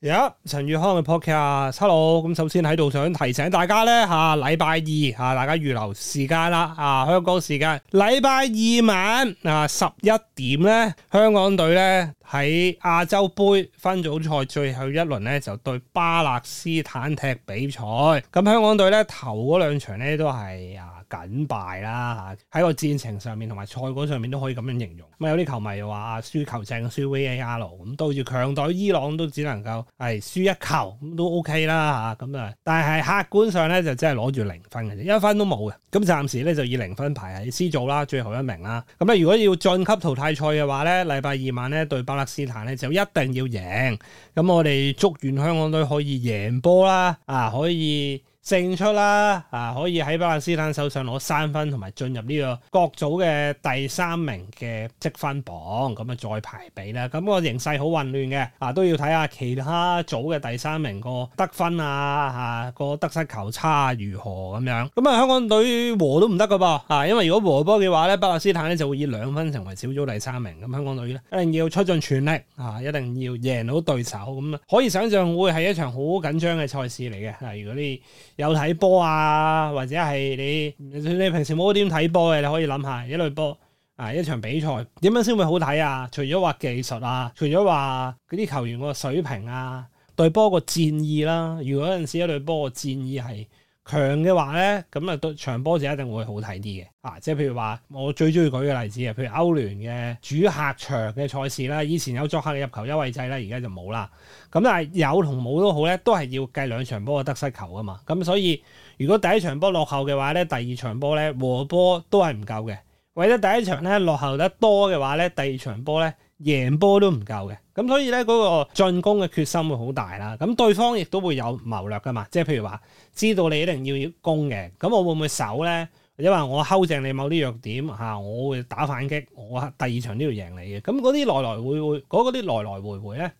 呀，陳宇康嘅 podcast，hello，咁首先喺度想提醒大家咧，下禮拜二吓大家預留時間啦，啊香港時間禮拜二晚啊十一點咧，香港隊咧喺亞洲盃分組賽最後一輪咧就對巴勒斯坦踢比賽，咁香港隊咧頭嗰兩場咧都係啊。緊敗啦，喺個戰情上面同埋賽果上面都可以咁樣形容。咁有啲球迷話輸球淨輸 V A R，咁對住強隊伊朗都只能夠係輸一球，咁都 OK 啦吓。咁啊，但係客觀上咧就真係攞住零分嘅，一分都冇嘅。咁暫時咧就以零分排喺 C 組啦，最後一名啦。咁咧如果要晉級淘汰賽嘅話咧，禮拜二晚咧對巴勒斯坦咧就一定要贏。咁我哋祝願香港隊可以贏波啦，啊可以。勝出啦！啊，可以喺巴勒斯坦手上攞三分，同埋進入呢個各組嘅第三名嘅積分榜，咁啊再排比啦。咁、啊那個形勢好混亂嘅，啊都要睇下其他組嘅第三名個得分啊，嚇、啊、個得失球差如何咁樣。咁、嗯、啊，香港隊和都唔得㗎噃，啊，因為如果和波嘅話咧，巴勒斯坦咧就會以兩分成為小組第三名。咁、啊嗯、香港隊咧一定要出盡全力啊，一定要贏到對手。咁啊，可以想象會係一場好緊張嘅賽事嚟嘅。啊，如果你有睇波啊，或者係你你平時冇點睇波嘅，你可以諗下一隊波啊，一場比賽點樣先會好睇啊？除咗話技術啊，除咗話嗰啲球員個水平啊，對波個戰意啦，啊，如果嗰陣時一隊波個戰意係強嘅話咧，咁啊對場波就一定會好睇啲嘅，啊，即係譬如話我最中意舉嘅例子啊，譬如歐聯嘅主客場嘅賽事啦，以前有作客嘅入球優惠制啦，而家就冇啦。咁但係有同冇都好咧，都係要計兩場波嘅得失球噶嘛。咁、嗯、所以如果第一場波落後嘅話咧，第二場波咧和波都係唔夠嘅。或者第一場咧落後得多嘅話咧，第二場波咧。贏波都唔夠嘅，咁所以咧嗰個進攻嘅決心會好大啦。咁對方亦都會有謀略噶嘛，即係譬如話知道你一定要攻嘅，咁我會唔會守咧？或者話我敲正你某啲弱點吓，我會打反擊，我第二場都要贏你嘅。咁嗰啲來來回回，嗰嗰啲來來回回咧，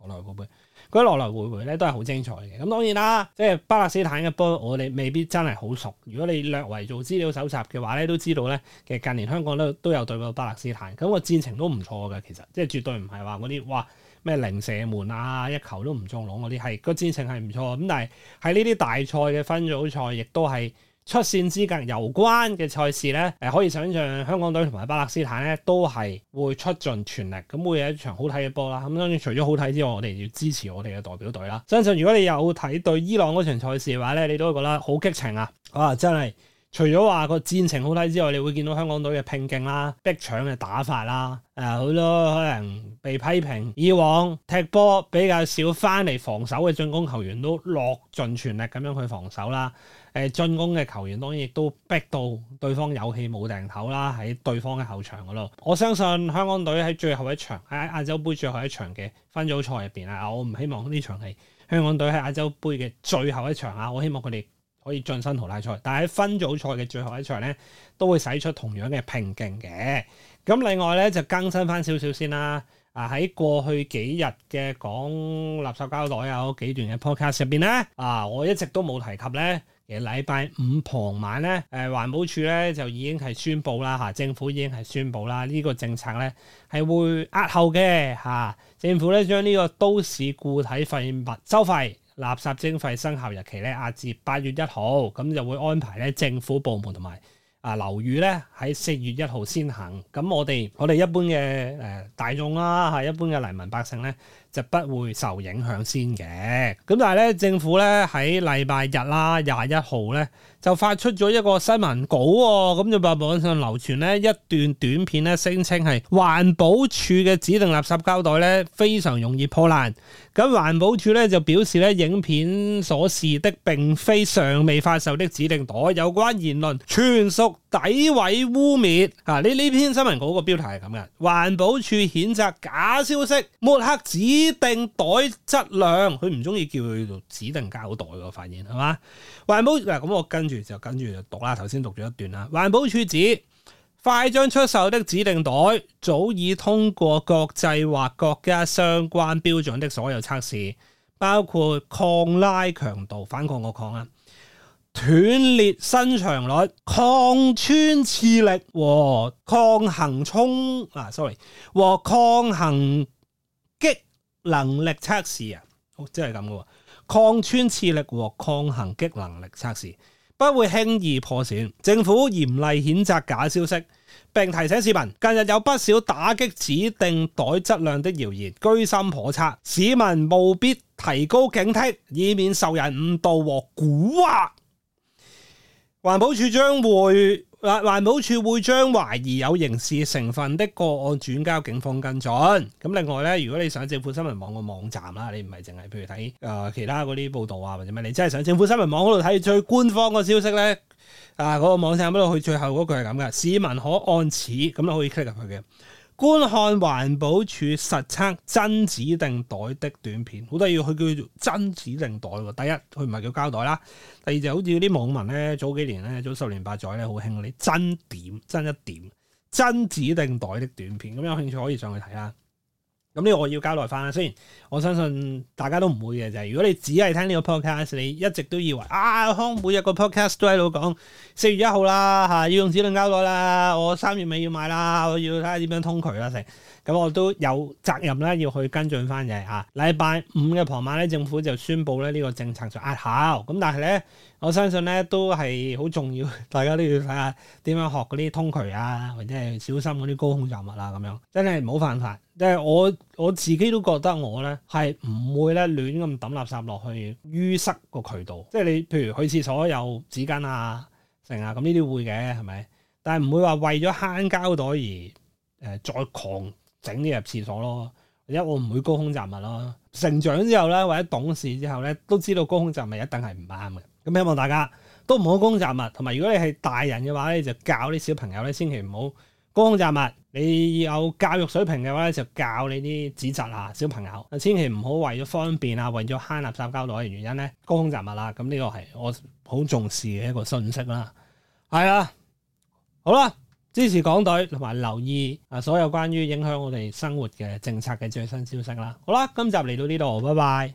來來回回。佢來來回回咧都係好精彩嘅，咁當然啦，即係巴勒斯坦嘅波，我哋未必真係好熟。如果你略為做資料搜集嘅話咧，都知道咧，其實近年香港都都有對過巴勒斯坦，咁個戰情都唔錯嘅。其實即係絕對唔係話嗰啲嘩咩零射門啊，一球都唔中籠嗰啲，係個戰情係唔錯。咁但係喺呢啲大賽嘅分組賽，亦都係，出線資格有關嘅賽事咧，誒可以想象香港隊同埋巴勒斯坦咧都係會出盡全力，咁會有一場好睇嘅波啦。咁當然除咗好睇之外，我哋要支持我哋嘅代表隊啦。相信如果你有睇對伊朗嗰場賽事嘅話咧，你都會覺得好激情啊！哇，真係除咗話個戰情好睇之外，你會見到香港隊嘅拼勁啦、逼搶嘅打法啦，誒好多可能。被批評，以往踢波比較少翻嚟防守嘅進攻球員都落盡全力咁樣去防守啦。誒，進攻嘅球員當然亦都逼到對方有氣冇定頭啦，喺對方嘅後場嗰度。我相信香港隊喺最後一場喺亞洲盃最後一場嘅分組賽入邊啊，我唔希望呢場係香港隊喺亞洲盃嘅最後一場啊，我希望佢哋可以晉身淘汰賽。但係喺分組賽嘅最後一場咧，都會使出同樣嘅拼勁嘅。咁另外咧就更新翻少少先啦。啊！喺過去幾日嘅講垃圾膠袋有幾段嘅 podcast 入邊咧，啊我一直都冇提及咧，其實禮拜五傍晚咧，誒、啊、環保署咧就已經係宣布啦嚇、啊，政府已經係宣布啦，呢、呢個政策咧係會壓後嘅嚇、啊，政府咧將呢個都市固體廢物收費垃圾徵費生，生效日期咧壓至八月一號，咁就會安排咧政府部門同埋。啊，樓宇咧喺四月一號先行，咁我哋我哋一般嘅誒、呃、大眾啦、啊，係一般嘅黎民百姓咧，就不會受影響先嘅。咁但係咧，政府咧喺禮拜日啦廿一號咧，就發出咗一個新聞稿喎、哦，咁、嗯、就喺網上流傳呢一段短片咧，聲稱係環保署嘅指定垃圾膠袋咧，非常容易破爛。咁、嗯、環保署咧就表示咧，影片所示的並非尚未發售的指定袋，有關言論全屬詆毀污蔑啊！你呢篇新聞稿嗰個標題係咁嘅，環保署譴責假消息，抹黑指定袋質量。佢唔中意叫佢做指定膠袋，我發現係嘛？環保嗱，咁、啊、我跟住就跟住讀啦，頭先讀咗一段啦。環保署指，快將出售的指定袋早已通過國際或國家相關標準的所有測試，包括抗拉強度，反抗個抗啊！斷裂伸長率、抗穿刺力和抗衡衝啊，sorry 和抗衡擊能力測試啊，好、哦、即係咁嘅，抗穿刺力和抗衡擊能力測試不會輕易破損。政府嚴厲譴責假消息，並提醒市民近日有不少打擊指定袋質量的謠言居心叵測，市民務必提高警惕，以免受人誤導和蠱惑、啊。環保署將會，環環保署會將懷疑有刑事成分的個案轉交警方跟進。咁另外咧，如果你上政府新聞網，網、呃新聞網啊，那個網站啦，你唔係淨係，譬如睇誒其他嗰啲報道啊，或者咩，你真係上政府新聞網嗰度睇最官方個消息咧，啊嗰個網站嗰度，去最後嗰句係咁噶，市民可按此，咁咧可以 click 入去嘅。觀看環保署實測真指定袋的短片，好得意，佢叫做真指定袋喎。第一，佢唔係叫膠袋啦；第二，就好似啲網民咧，早幾年咧，早十年八載咧，好興嗰啲真點、真一點、真指定袋的短片。咁有興趣可以上去睇下。咁呢個我要交代翻啦先，雖然我相信大家都唔會嘅就係。如果你只係聽呢個 podcast，你一直都以為啊，康每日個 podcast 都喺度講四月一號啦，吓要用指定膠袋啦，我三月尾要買啦，我要睇下點樣通渠啦成。咁、嗯、我都有責任啦，要去跟進翻嘢吓。禮、啊、拜五嘅傍晚咧，政府就宣布咧呢個政策就押後。咁、啊、但係咧。我相信咧都係好重要，大家都要睇下點樣學嗰啲通渠啊，或者係小心嗰啲高空雜物啦、啊、咁樣，真係唔好犯法。即係我我自己都覺得我咧係唔會咧亂咁抌垃圾落去淤塞個渠道。即係你譬如去廁所有紙巾啊剩啊，咁呢啲會嘅係咪？但係唔會話為咗慳膠袋而誒、呃、再狂整啲入廁所咯。一，我唔會高空雜物咯，成長之後咧或者懂事之後咧，都知道高空雜物一定係唔啱嘅。咁希望大家都唔好高空雜物，同埋如果你係大人嘅話咧，就教啲小朋友咧，千祈唔好高空雜物。你有教育水平嘅話咧，就教你啲指責吓小朋友，千祈唔好為咗方便啊，為咗慳垃圾膠袋嘅原因咧，高空雜物啦。咁呢個係我好重視嘅一個信息啦。係啊，好啦。支持港隊，同埋留意啊所有關於影響我哋生活嘅政策嘅最新消息啦。好啦，今集嚟到呢度，拜拜。